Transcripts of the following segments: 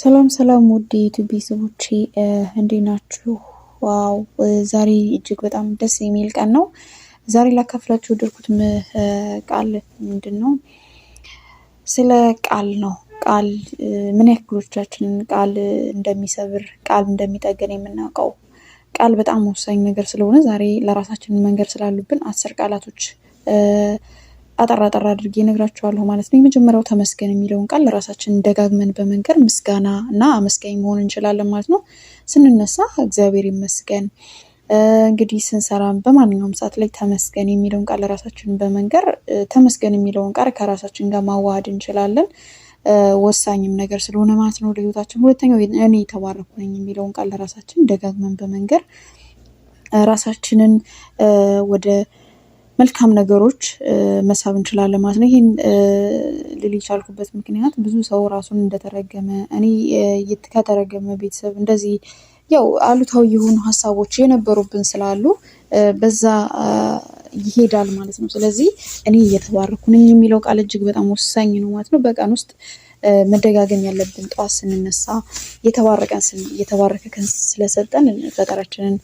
ሰላም ሰላም ውድ የዩቲዩብ ቤተሰቦቼ እንዴ ናችሁ? ዋው ዛሬ እጅግ በጣም ደስ የሚል ቀን ነው። ዛሬ ላካፍላችሁ የወደድኩት ቃል ምንድን ነው? ስለ ቃል ነው። ቃል ምን ያክሎቻችንን ቃል እንደሚሰብር ቃል እንደሚጠገን የምናውቀው ቃል በጣም ወሳኝ ነገር ስለሆነ ዛሬ ለራሳችን መንገድ ስላሉብን አስር ቃላቶች አጠራ ጠራ አድርጌ ነግራችኋለሁ ማለት ነው። የመጀመሪያው ተመስገን የሚለውን ቃል ለራሳችን ደጋግመን በመንገር ምስጋና እና አመስጋኝ መሆን እንችላለን ማለት ነው። ስንነሳ እግዚአብሔር ይመስገን እንግዲህ ስንሰራ በማንኛውም ሰዓት ላይ ተመስገን የሚለውን ቃል ለራሳችን በመንገር ተመስገን የሚለውን ቃል ከራሳችን ጋር ማዋሃድ እንችላለን። ወሳኝም ነገር ስለሆነ ማለት ነው ለህይወታችን። ሁለተኛው እኔ የተባረኩ ነኝ የሚለውን ቃል ለራሳችን ደጋግመን በመንገር ራሳችንን ወደ መልካም ነገሮች መሳብ እንችላለን ማለት ነው። ይህን ልል የቻልኩበት ምክንያት ብዙ ሰው ራሱን እንደተረገመ እኔ ከተረገመ ቤተሰብ እንደዚህ ያው አሉታዊ የሆኑ ሀሳቦች የነበሩብን ስላሉ በዛ ይሄዳል ማለት ነው። ስለዚህ እኔ እየተባረኩ ነኝ የሚለው ቃል እጅግ በጣም ወሳኝ ነው ማለት ነው። በቀን ውስጥ መደጋገም ያለብን ጠዋት ስንነሳ የተባረቀን የተባረከ ስለሰጠን ፈጠራችንን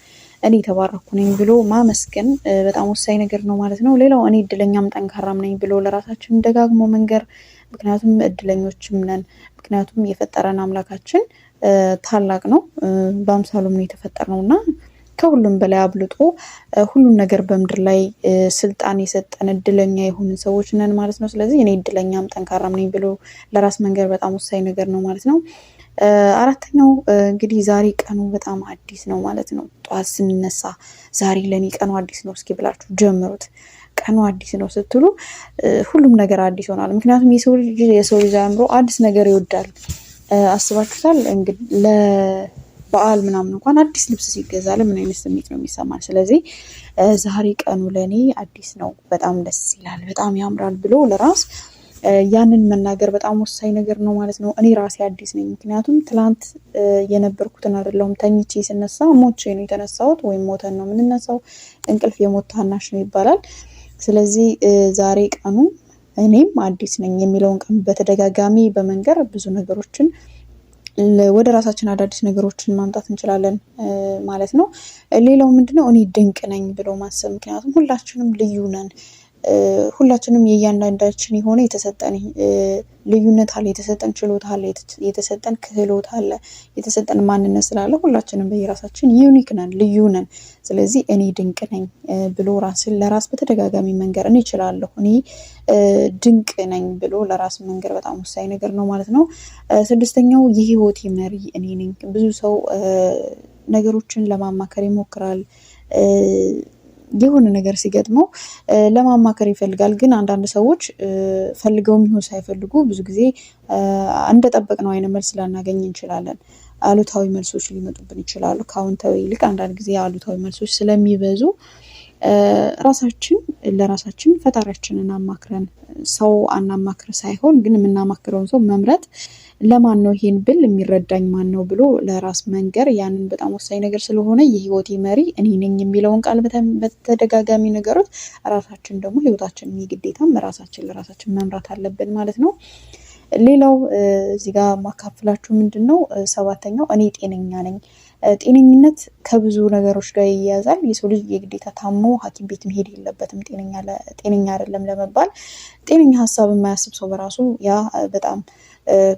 እኔ የተባረኩ ነኝ ብሎ ማመስገን በጣም ወሳኝ ነገር ነው ማለት ነው። ሌላው እኔ እድለኛም ጠንካራም ነኝ ብሎ ለራሳችን ደጋግሞ መንገር፣ ምክንያቱም እድለኞችም ነን። ምክንያቱም የፈጠረን አምላካችን ታላቅ ነው፣ በአምሳሉም ነው እና ከሁሉም በላይ አብልጦ ሁሉም ነገር በምድር ላይ ስልጣን የሰጠን እድለኛ የሆንን ሰዎች ነን ማለት ነው። ስለዚህ እኔ እድለኛም ጠንካራም ነኝ ብሎ ለራስ መንገር በጣም ወሳኝ ነገር ነው ማለት ነው። አራተኛው እንግዲህ ዛሬ ቀኑ በጣም አዲስ ነው ማለት ነው። ጠዋት ስንነሳ ዛሬ ለእኔ ቀኑ አዲስ ነው እስኪ ብላችሁ ጀምሩት። ቀኑ አዲስ ነው ስትሉ ሁሉም ነገር አዲስ ይሆናል። ምክንያቱም የሰው ልጅ የሰው ልጅ አእምሮ አዲስ ነገር ይወዳል። አስባችሁታል ለበዓል ምናምን እንኳን አዲስ ልብስ ሲገዛ ለምን አይነት ስሜት ነው የሚሰማል? ስለዚህ ዛሬ ቀኑ ለእኔ አዲስ ነው፣ በጣም ደስ ይላል፣ በጣም ያምራል ብሎ ለራስ ያንን መናገር በጣም ወሳኝ ነገር ነው ማለት ነው። እኔ ራሴ አዲስ ነኝ፣ ምክንያቱም ትላንት የነበርኩትን አይደለሁም። ተኝቼ ስነሳ ሞቼ ነው የተነሳሁት፣ ወይም ሞተን ነው የምንነሳው። እንቅልፍ የሞት ታናሽ ነው ይባላል። ስለዚህ ዛሬ ቀኑ እኔም አዲስ ነኝ የሚለውን ቀን በተደጋጋሚ በመንገር ብዙ ነገሮችን ወደ ራሳችን አዳዲስ ነገሮችን ማምጣት እንችላለን ማለት ነው። ሌላው ምንድነው እኔ ድንቅ ነኝ ብሎ ማሰብ፣ ምክንያቱም ሁላችንም ልዩ ነን። ሁላችንም የእያንዳንዳችን የሆነ የተሰጠን ልዩነት አለ፣ የተሰጠን ችሎታ አለ፣ የተሰጠን ክህሎት አለ፣ የተሰጠን ማንነት ስላለ ሁላችንም በየራሳችን ዩኒክ ነን፣ ልዩ ነን። ስለዚህ እኔ ድንቅ ነኝ ብሎ ራስን ለራስ በተደጋጋሚ መንገር እኔ እችላለሁ፣ እኔ ድንቅ ነኝ ብሎ ለራስ መንገር በጣም ወሳኝ ነገር ነው ማለት ነው። ስድስተኛው የህይወቴ መሪ እኔ ነኝ። ብዙ ሰው ነገሮችን ለማማከር ይሞክራል የሆነ ነገር ሲገጥመው ለማማከር ይፈልጋል። ግን አንዳንድ ሰዎች ፈልገውም ይሁን ሳይፈልጉ ብዙ ጊዜ እንደጠበቅነው አይነት መልስ ላናገኝ እንችላለን። አሉታዊ መልሶች ሊመጡብን ይችላሉ። ከአዎንታዊ ይልቅ አንዳንድ ጊዜ አሉታዊ መልሶች ስለሚበዙ ራሳችን ለራሳችን ፈጣሪያችንን አማክረን ሰው አናማክር ሳይሆን ግን የምናማክረውን ሰው መምረጥ ለማን ነው ይሄን ብል የሚረዳኝ ማን ነው ብሎ ለራስ መንገር ያንን በጣም ወሳኝ ነገር ስለሆነ የህይወቴ መሪ እኔ ነኝ የሚለውን ቃል በተደጋጋሚ ነገሮች፣ ራሳችን ደግሞ ህይወታችን የግዴታም ራሳችን ለራሳችን መምራት አለብን ማለት ነው። ሌላው እዚህ ጋር ማካፍላችሁ ምንድን ነው ሰባተኛው እኔ ጤነኛ ነኝ ጤነኝነት ከብዙ ነገሮች ጋር ይያያዛል። የሰው ልጅ የግዴታ ታሞ ሐኪም ቤት መሄድ የለበትም ጤነኛ አይደለም ለመባል። ጤነኛ ሀሳብ የማያስብ ሰው በራሱ ያ በጣም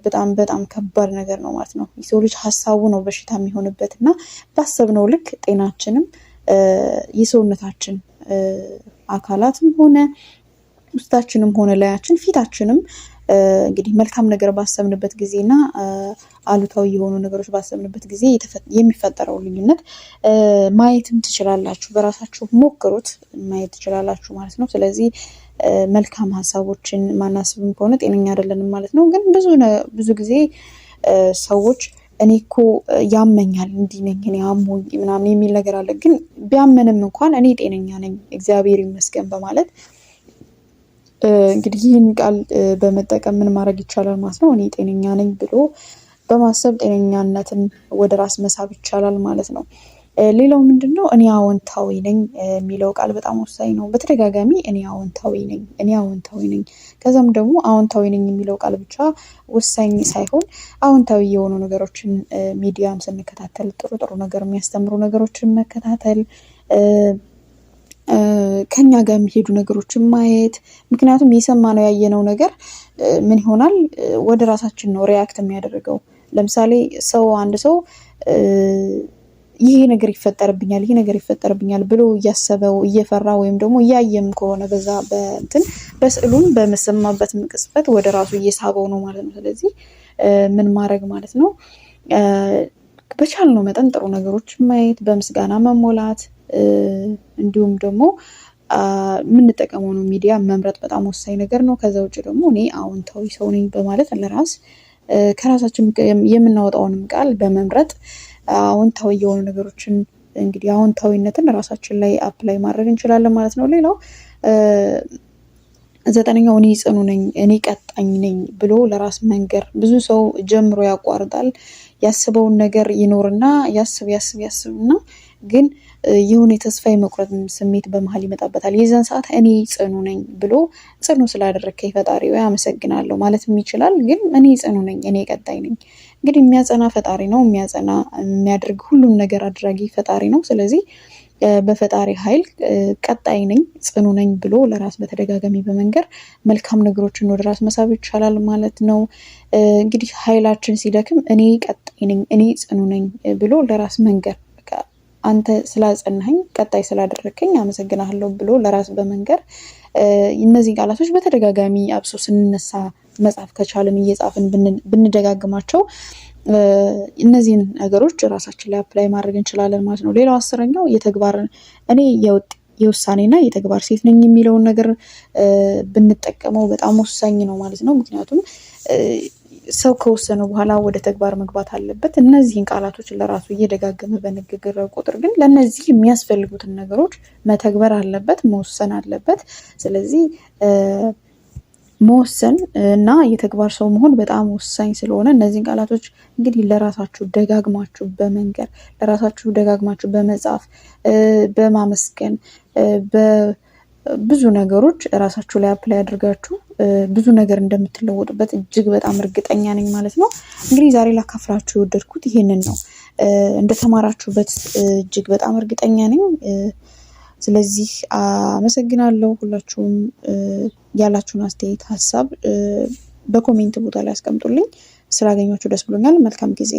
በጣም በጣም ከባድ ነገር ነው ማለት ነው። የሰው ልጅ ሀሳቡ ነው በሽታ የሚሆንበት እና ባሰብነው ልክ ጤናችንም የሰውነታችን አካላትም ሆነ ውስጣችንም ሆነ ላያችን ፊታችንም እንግዲህ መልካም ነገር ባሰብንበት ጊዜና አሉታዊ የሆኑ ነገሮች ባሰብንበት ጊዜ የሚፈጠረው ልዩነት ማየትም ትችላላችሁ። በራሳችሁ ሞክሩት፣ ማየት ትችላላችሁ ማለት ነው። ስለዚህ መልካም ሀሳቦችን ማናስብም ከሆነ ጤነኛ አይደለንም ማለት ነው። ግን ብዙ ብዙ ጊዜ ሰዎች እኔ እኮ ያመኛል እንዲህ ነኝ እኔ ምናምን የሚል ነገር አለ። ግን ቢያመንም እንኳን እኔ ጤነኛ ነኝ እግዚአብሔር ይመስገን በማለት እንግዲህ ይህን ቃል በመጠቀም ምን ማድረግ ይቻላል ማለት ነው። እኔ ጤነኛ ነኝ ብሎ በማሰብ ጤነኛነትን ወደ ራስ መሳብ ይቻላል ማለት ነው። ሌላው ምንድን ነው? እኔ አዎንታዊ ነኝ የሚለው ቃል በጣም ወሳኝ ነው። በተደጋጋሚ እኔ አዎንታዊ ነኝ፣ እኔ አዎንታዊ ነኝ። ከዛም ደግሞ አዎንታዊ ነኝ የሚለው ቃል ብቻ ወሳኝ ሳይሆን አዎንታዊ የሆኑ ነገሮችን ሚዲያም ስንከታተል ጥሩ ጥሩ ነገር የሚያስተምሩ ነገሮችን መከታተል ከኛ ጋር የሚሄዱ ነገሮችን ማየት። ምክንያቱም የሰማነው ያየነው ነገር ምን ይሆናል ወደ ራሳችን ነው ሪያክት የሚያደርገው። ለምሳሌ ሰው አንድ ሰው ይሄ ነገር ይፈጠርብኛል፣ ይሄ ነገር ይፈጠርብኛል ብሎ እያሰበው እየፈራ ወይም ደግሞ እያየም ከሆነ በዛ በእንትን በስዕሉን በምሰማበት ቅጽበት ወደ ራሱ እየሳበው ነው ማለት ነው። ስለዚህ ምን ማድረግ ማለት ነው በቻልነው መጠን ጥሩ ነገሮችን ማየት፣ በምስጋና መሞላት እንዲሁም ደግሞ የምንጠቀመው ነው ሚዲያ መምረጥ በጣም ወሳኝ ነገር ነው። ከዛ ውጭ ደግሞ እኔ አዎንታዊ ሰው ነኝ በማለት ለራስ ከራሳችን የምናወጣውንም ቃል በመምረጥ አዎንታዊ የሆኑ ነገሮችን እንግዲህ አዎንታዊነትን ራሳችን ላይ አፕላይ ማድረግ እንችላለን ማለት ነው። ሌላው ዘጠነኛው እኔ ጽኑ ነኝ፣ እኔ ቀጣኝ ነኝ ብሎ ለራስ መንገር። ብዙ ሰው ጀምሮ ያቋርጣል። ያስበውን ነገር ይኖርና ያስብ ያስብ ያስብና ግን የሆነ የተስፋ የመቁረጥ ስሜት በመሀል ይመጣበታል። የዛን ሰዓት እኔ ጽኑ ነኝ ብሎ ጽኑ ስላደረግከኝ ፈጣሪ ወይ አመሰግናለሁ ማለትም ይችላል። ግን እኔ ጽኑ ነኝ፣ እኔ ቀጣይ ነኝ። እንግዲህ የሚያጸና ፈጣሪ ነው። የሚያጸና የሚያደርግ ሁሉም ነገር አድራጊ ፈጣሪ ነው። ስለዚህ በፈጣሪ ኃይል ቀጣይ ነኝ ጽኑ ነኝ ብሎ ለራስ በተደጋጋሚ በመንገር መልካም ነገሮችን ወደ ራስ መሳብ ይቻላል ማለት ነው። እንግዲህ ኃይላችን ሲደክም እኔ ቀጣይ ነኝ እኔ ጽኑ ነኝ ብሎ ለራስ መንገር አንተ ስላጸናኸኝ፣ ቀጣይ ስላደረግከኝ አመሰግናለሁ ብሎ ለራስ በመንገር እነዚህ ቃላቶች በተደጋጋሚ አብሶ ስንነሳ መጽሐፍ ከቻልን እየጻፍን ብንደጋግማቸው እነዚህን ነገሮች ራሳችን ላይ አፕላይ ማድረግ እንችላለን ማለት ነው። ሌላው አስረኛው የተግባር እኔ የውሳኔና የተግባር ሴት ነኝ የሚለውን ነገር ብንጠቀመው በጣም ወሳኝ ነው ማለት ነው። ምክንያቱም ሰው ከወሰነ በኋላ ወደ ተግባር መግባት አለበት። እነዚህን ቃላቶች ለራሱ እየደጋገመ በንግግር ቁጥር ግን ለነዚህ የሚያስፈልጉትን ነገሮች መተግበር አለበት፣ መወሰን አለበት። ስለዚህ መወሰን እና የተግባር ሰው መሆን በጣም ወሳኝ ስለሆነ እነዚህን ቃላቶች እንግዲህ ለራሳችሁ ደጋግማችሁ በመንገር ለራሳችሁ ደጋግማችሁ በመጻፍ በማመስገን በብዙ ነገሮች ራሳችሁ ላይ አፕላይ አድርጋችሁ ብዙ ነገር እንደምትለወጡበት እጅግ በጣም እርግጠኛ ነኝ ማለት ነው። እንግዲህ ዛሬ ላካፍላችሁ የወደድኩት ይሄንን ነው። እንደተማራችሁበት እጅግ በጣም እርግጠኛ ነኝ። ስለዚህ አመሰግናለሁ። ሁላችሁም ያላችሁን አስተያየት፣ ሀሳብ በኮሜንት ቦታ ላይ አስቀምጡልኝ። ስላገኛችሁ ደስ ብሎኛል። መልካም ጊዜ